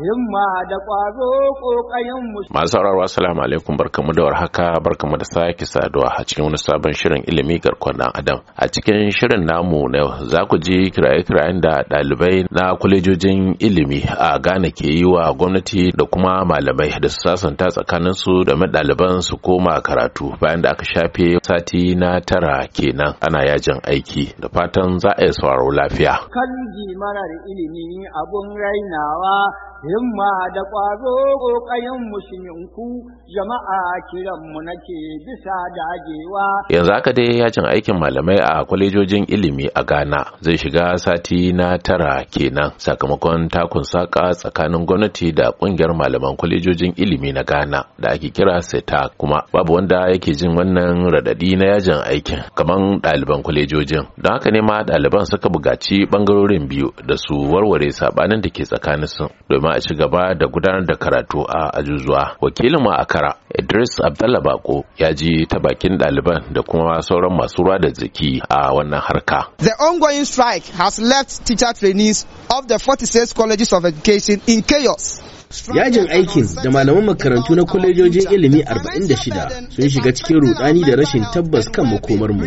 himma da ƙwazo ƙoƙayen mu. Masu sauraro assalamu alaikum barkamu da warhaka barkamu da sake saduwa a cikin wani sabon shirin ilimi garkon dan adam. A cikin shirin namu na yau, za ku ji kiraye-kirayen da ɗalibai na kwalejojin ilimi a Ghana ke yi wa gwamnati da kuma malamai da su sasanta tsakanin su da ɗaliban su koma karatu bayan da aka shafe sati na tara kenan ana yajin aiki da fatan za a yi sauraro lafiya. Kan marar ilimi abun rainawa himma da ƙwazo ƙoƙayen musulminku jama'a kiranmu nake bisa dagewa. Yanzu haka dai yajin aikin malamai a kwalejojin ilimi a Ghana zai shiga sati na tara kenan sakamakon takun saƙa tsakanin gwamnati da ƙungiyar malaman kwalejojin ilimi na Ghana da ake kira SETA kuma babu wanda yake jin wannan raɗaɗi na yajin aikin kamar ɗaliban kwalejojin. Don haka ne ma ɗaliban suka bugaci ɓangarorin biyu da su warware saɓanin da ke tsakaninsu domin a ci gaba da gudanar da karatu a ajuzuwa wakilin ma a kara idris abdalla ya ji ta bakin ɗaliban da kuma sauran masu ruwa da ziki a wannan harka the ongoing strike has left teacher trainees of the 46 colleges of education in chaos Yajin aikin da malaman makarantu na kwalejojin ilimi 46 sun shiga cikin rudani da rashin tabbas kan makomar mu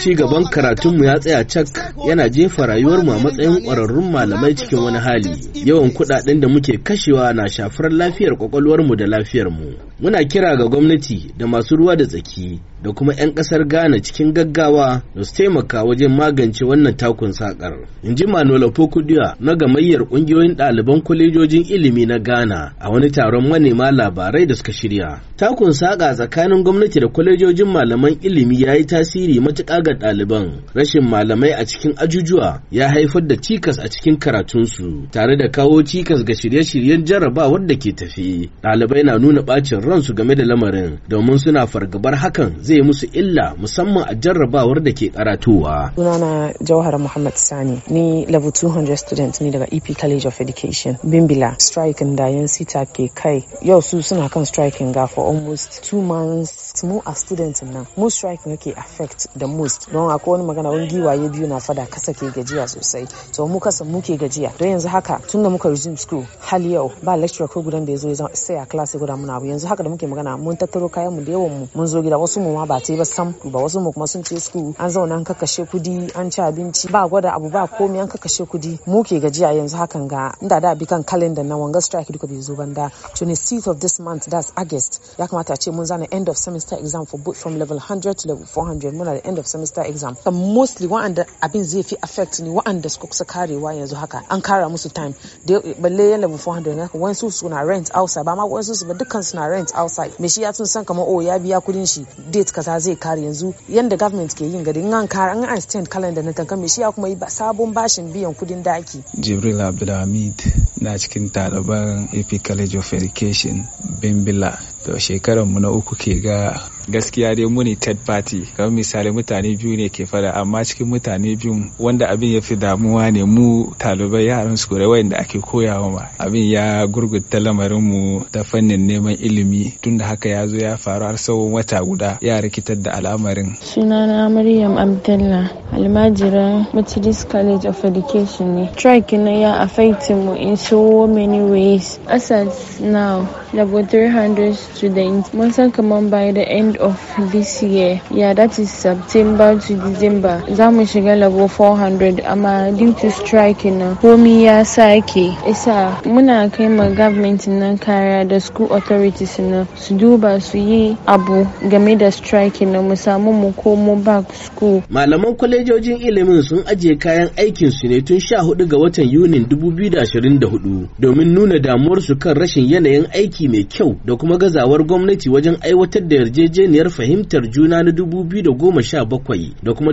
ci gaban karatunmu ya tsaya cak yana jefa rayuwarmu a matsayin ƙwararrun malamai cikin wani hali yawan kuɗaɗen da muke kashewa na shafar lafiyar mu da lafiyar mu. muna kira ga gwamnati da masu ruwa da tsaki da kuma 'yan ƙasar ghana cikin gaggawa da su taimaka wajen magance wannan takun sakar in ji manola fokudiya na gamayyar ƙungiyoyin ɗaliban kwalejojin ilimi na ghana a wani taron manema labarai da suka shirya takun saƙa tsakanin gwamnati da kwalejojin malaman ilimi ya yi tasiri matuƙa da ɗaliban rashin malamai a cikin ajujuwa ya haifar da cikas a cikin karatunsu tare da kawo cikas ga shirye-shiryen jarrabawar da ke tafi ɗalibai na nuna ɓacin ransu game da lamarin domin suna fargabar hakan zai musu illa musamman a jarrabawar da ke karatuwa sunana jauhar muhammad sani ni level 200 student ne daga ep college of education bimbila striking da yan sita ke kai yau su suna kan striking ga for almost two months mu a student nan mu strike ne ke affect the most don akwai wani magana wani giwaye biyu na fada kasa ke gajiya sosai to mu kasa mu ke gajiya don yanzu haka tun da muka resume school hal yau ba lecture ko gudan da ya zo sai a class guda muna abu yanzu haka da muke magana mun tattaro kayan mu da yawan mu mun zo gida wasu mu ma ba ta yi ba sam ba wasu mu kuma sun ce school an zauna an kakkashe kudi an ci abinci ba gwada abu ba komai an kakkashe kudi mu ke gajiya yanzu hakan ga inda da bi kan calendar na wanga strike duka bai zo banda 26th of this month that's august ya kamata a ce mun zana end of semester semester exam for both from level 100 to level 400 muna da end of semester exam kan mostly wa'anda abin zai fi affect ni wa'anda su kusa karewa yanzu haka an kara musu time da balle ya level 400 ne wasu suna rent outside ba ma wasu su ba dukkan suna rent outside me shi ya tun san kamar oh ya biya kudin shi date kaza zai kare yanzu yanda government ke yin gari an kara an understand calendar na tankan me shi ya kuma yi sabon bashin biyan kudin daki Jibril Abdulhamid na cikin ɗaliban AP College of Education Bimbila da shekaran mu na uku ke ga gaskiya dai mu ne third party kamar misali mutane biyu ne ke fada amma cikin mutane biyu, wanda abin ya fi damuwa ne mu talibai yaran su kure wayanda ake koyawa ma abin ya gurgurta lamarin mu ta fannin neman ilimi tun da haka ya zo ya faru har tsawon wata guda ya rikitar da al'amarin sunana maryam abdullah almajira methodist college of education ne strike na ya affect mu in so many ways as now Level 300 students mun san kamar by the end of this year yeah that is september to december za mu shiga labo 400 amma due to strike na komi ya sake isa muna kai ma government na kara da school authorities na su duba su yi abu game da strike na mu samu mu komo back school malaman kwalejojin ilimin sun ajiye kayan aikin su ne tun 14 ga watan yunin 2024 domin nuna damuwarsu kan rashin yanayin aiki mai kyau da kuma gazawar gwamnati wajen aiwatar da yarjejeniya yarjejeniyar fahimtar juna na 2017 da kuma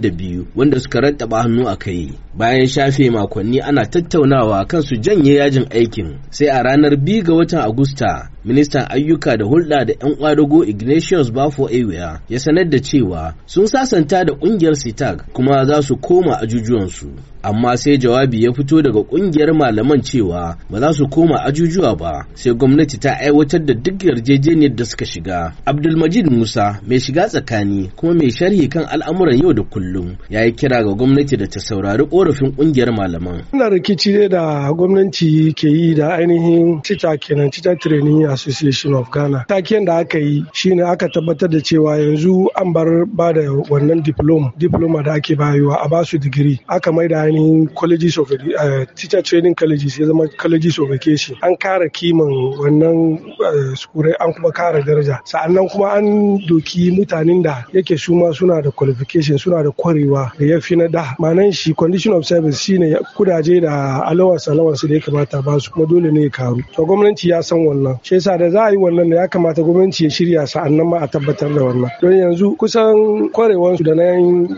da biyu wanda suka rattaba hannu a kai. Bayan shafe makonni ana tattaunawa kan su janye yajin aikin sai a ranar biyu ga watan Agusta ministan ayyuka da hulɗa da 'yan ƙwadago ignatius bafo ewiya ya sanar da cewa sun sasanta da ƙungiyar sitag kuma za su koma ajujuwansu amma sai jawabi ya fito daga ƙungiyar malaman cewa ba za su koma ajujuwa ba sai gwamnati ta aiwatar da duk yarjejeniyar da suka shiga abdulmajid musa mai shiga tsakani kuma mai sharhi kan al'amuran yau da kullum ya yi kira ga gwamnati da ta saurari korafin ƙungiyar malaman ina rikici ne da gwamnati ke yi da ainihin cita kenan cita training Association of Ghana. Taken da aka yi shine aka tabbatar da cewa yanzu an bar ba da wannan diploma diploma da ake bayarwa a basu digiri aka mai da ainihin colleges of eh, teacher training colleges ya zama colleges of education an kara kiman wannan eh, sukurai an kuma kara daraja sa'annan kuma an doki mutanen da yake su ma suna da qualification suna da kwarewa da ya fi na da manan shi condition of service shine kudaje da salawar su da ya kamata ba su kuma dole ne ya karu to gwamnati ya san wannan shi bisa da za a yi wannan ya kamata gwamnati ya shirya sa'annan ma a tabbatar da wannan don yanzu kusan kwarewansu da na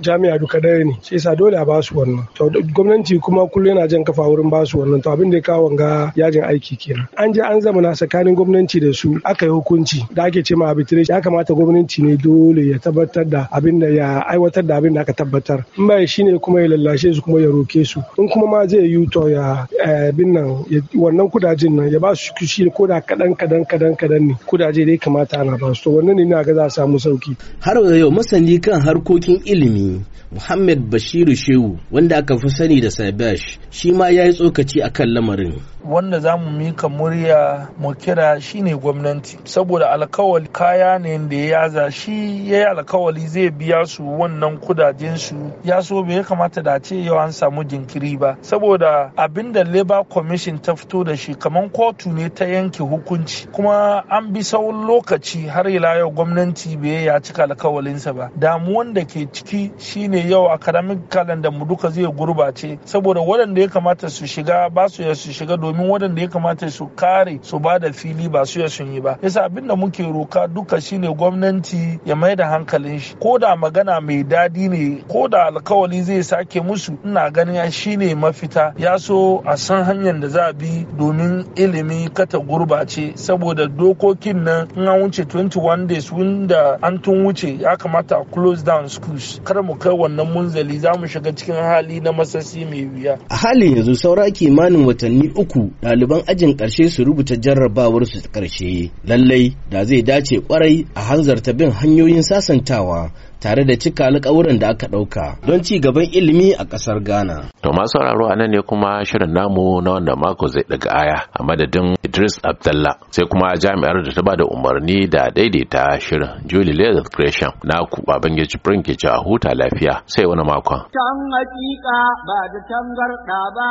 jami'a duka ɗaya ne shi yasa dole a basu wannan to gwamnati kuma kullum yana jan kafa wurin basu wannan to abin da ya kawo wanga yajin aiki kenan an je an zama na tsakanin gwamnati da su aka yi hukunci da ake ce ma arbitration ya kamata gwamnati ne dole ya tabbatar da abin da ya aiwatar da abin da aka tabbatar in ba shine kuma ya lallashe su kuma ya roke su in kuma ma zai yi to ya eh, binnan nan wannan kudajin nan ya ba su kushi ko da kaɗan kaɗan kadan kadan kadan ne kudaje dai kamata ana ba su to wannan ne na ga za a samu sauki har yau masani kan harkokin ilimi Muhammad Bashiru Shehu wanda aka fi sani da Sabash shi ma ya yi tsokaci akan lamarin wanda za mu mika murya mu kira shine gwamnati saboda alkawali kaya ne da ya yaza shi ya yi alkawali zai biya su wannan kudajen su ya so bai ya kamata da ce yau an samu jinkiri ba saboda abin da labor commission ta fito da shi kamar kotu ne ta yanke hukunci kuma an bi tsawon lokaci har ila yau gwamnati bai ya cika alkawalinsa ba damuwan da ke ciki shine yau academic calendar mu duka zai gurbace saboda waɗanda ya kamata su shiga ba su ya su shiga domin waɗanda ya kamata su kare su ba da fili ba su ya sun yi ba yasa abin da muke roka duka shine gwamnati ya mai da hankalin shi ko da magana mai dadi ne ko da alkawali zai sake musu ina ganin shine mafita ya so a san hanyar da za a bi domin ilimi kata gurbace saboda dokokin nan in an wuce 21 days wanda an tun wuce ya kamata a close down schools kar mu kai wannan munzali za mu shiga cikin hali na masasi mai wuya a halin yanzu saura kimanin watanni uku uku ɗaliban ajin ƙarshe su rubuta jarrabawar su ƙarshe lallai da zai dace kwarai a hanzarta bin hanyoyin sasantawa tare da cika alƙawuran da aka ɗauka don ci gaban ilimi a ƙasar Ghana. To masu sauraro a nan ne kuma shirin namu na wanda mako zai daga aya a madadin Idris Abdallah sai kuma jami'ar da ta bada umarni da daidaita shirin Julie Leather Creation na ku Babangeji Prince a huta lafiya sai wani makon. Can hakika ba da tangarɗa ba